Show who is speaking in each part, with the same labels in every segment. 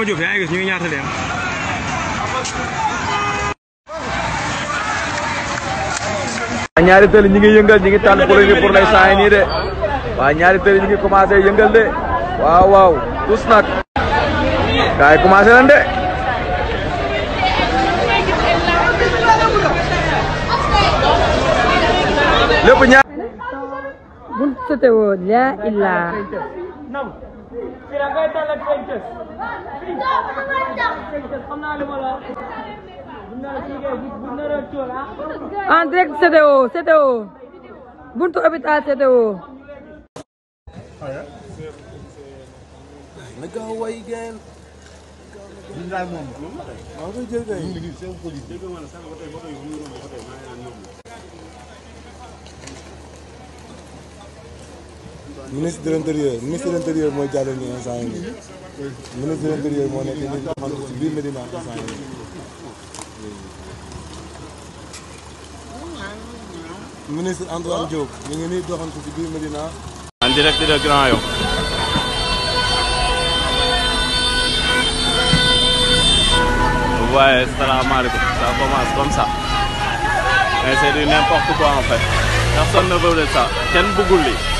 Speaker 1: waa ñaari tëli ñi ngi yëngal ñi ngi tànn ni pour lay saa nii de waa ñaari tëli ñi ngi commencé de waaw waaw tous nag gaay commencé lan de lépp ñaar buñ sotewoo laa fii da ngay ah. buntu hôpital CTO. ministre de l'intérieur mooy jàllale ñu ministre de l'intérieur moo nekk nii nga xamante ci biir Medina instant yi nii ministre Antoine Diop nii doxantu ci biir Medina. en direct de Grand Yoff. waaye salaamaaleykum ça ne veut de ça kenn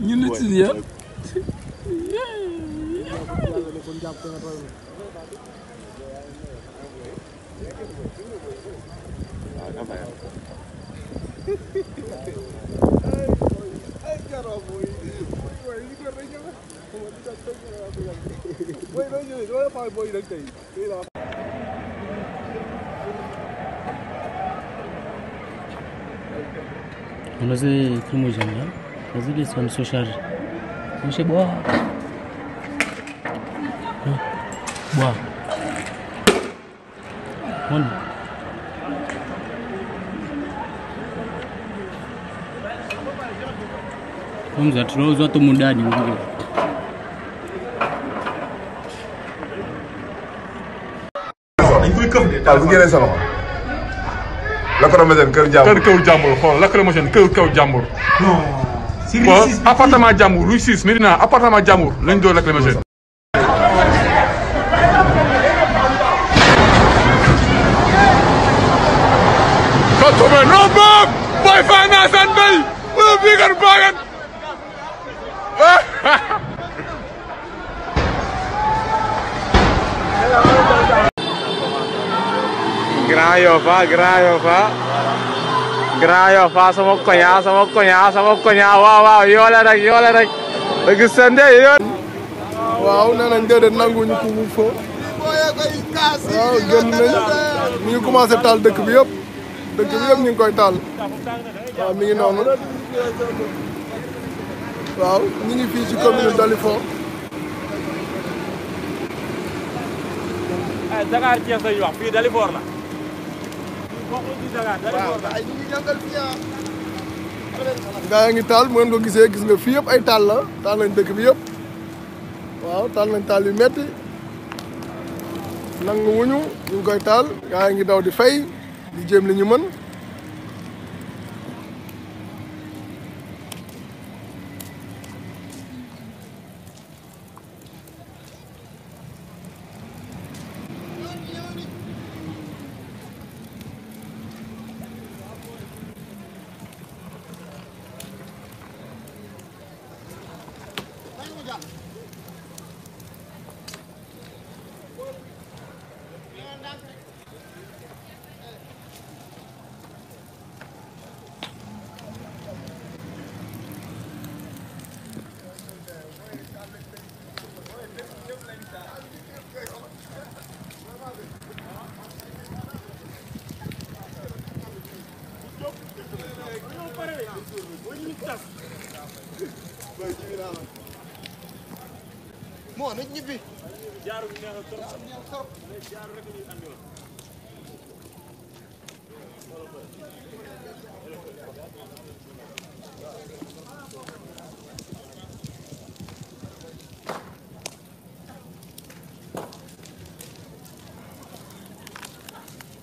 Speaker 1: ñu nit si ya Ay, carajo, Booy booy ñëwee dama la faa booy nag tey Unazile kimo jamba, unazile sana social. Mshe bwa. Bwa. Mbona? Mzee tunauzwa tu mundani ngine. dañ koy këf de. waaw bu génnee sa loxo. lacrymogène kër jàmbur kër kaw jàmbur xool lacrymogène kër kaw jàmbur. non. si appartement jàmbur rue 6 Médina appartement jàmbur lañ doon lacrymogène. Grand Yoff ah Grand Yoff sama koña sama koña waaw waaw yoole rek yoole rek dëgg sende yoon waaw nee nañ déedéet nanguñu ko mu fo waaw génn ñu ngi taal dëkk bi yëpp ñu koy taal waaw mi ngi noonu waaw ñu ngi fii ci commune Dalifort eh, Dakar gaa yaa ngi taal mu ko gisee gis nga fii yëpp ay taal la taal nañ dëkk bi yëpp waaw taal nañ taal yu metti nangu wuñu ñu ngi koy taal gaa yaa ngi daw di fay di jéem li ñu mën moo na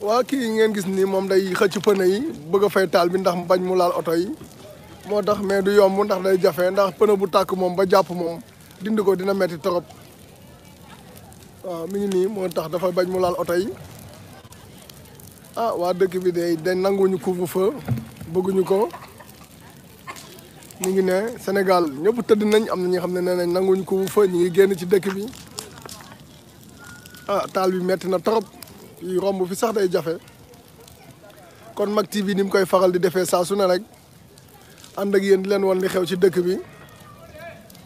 Speaker 1: waa kii ngeen gis ni moom day xëcc pëne yi bëgg a fay taal bi ndax bañ mu laal oto yi moo tax mais du yomb ndax day jafe ndax pëne bu tàkk moom ba jàpp moom. dindi ko dina metti torop waaw mi ngi nii moo tax dafa bañ mu laal oto yi ah waa dëkk bi de dañ nanguwuñu couvre-feu bëgguñu ko ñu ngi ne Sénégal ñépp tëdd nañ am na ñi xam ne nee nañ nanguwuñu couvre-feu ñu ngi génn ci dëkk bi ah taal bi metti na trop yi romb fi sax day jafe kon Mak TV ni mu koy faral di defee saa su ne rek ànd ak yéen di leen wan li xew ci dëkk bi.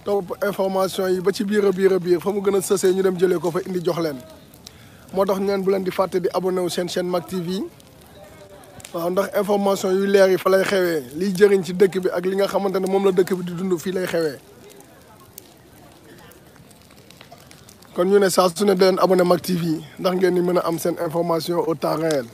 Speaker 1: topp information yi ba ci biir a biir a biir fa mu gën a sësee ñu dem jëlee ko fa indi jox leen moo tax ngeen bu leen di fàtte di abonné wu seen chaîne Mak TV waaw ndax information yu leer yi fa lay xewee liy jëriñ ci dëkk bi ak li nga xamante ne moom la dëkk bi di dund fii lay xewee kon ñu ne saa su ne di leen abonné Mak TV ndax ngeen di mën a am seen information au temps réel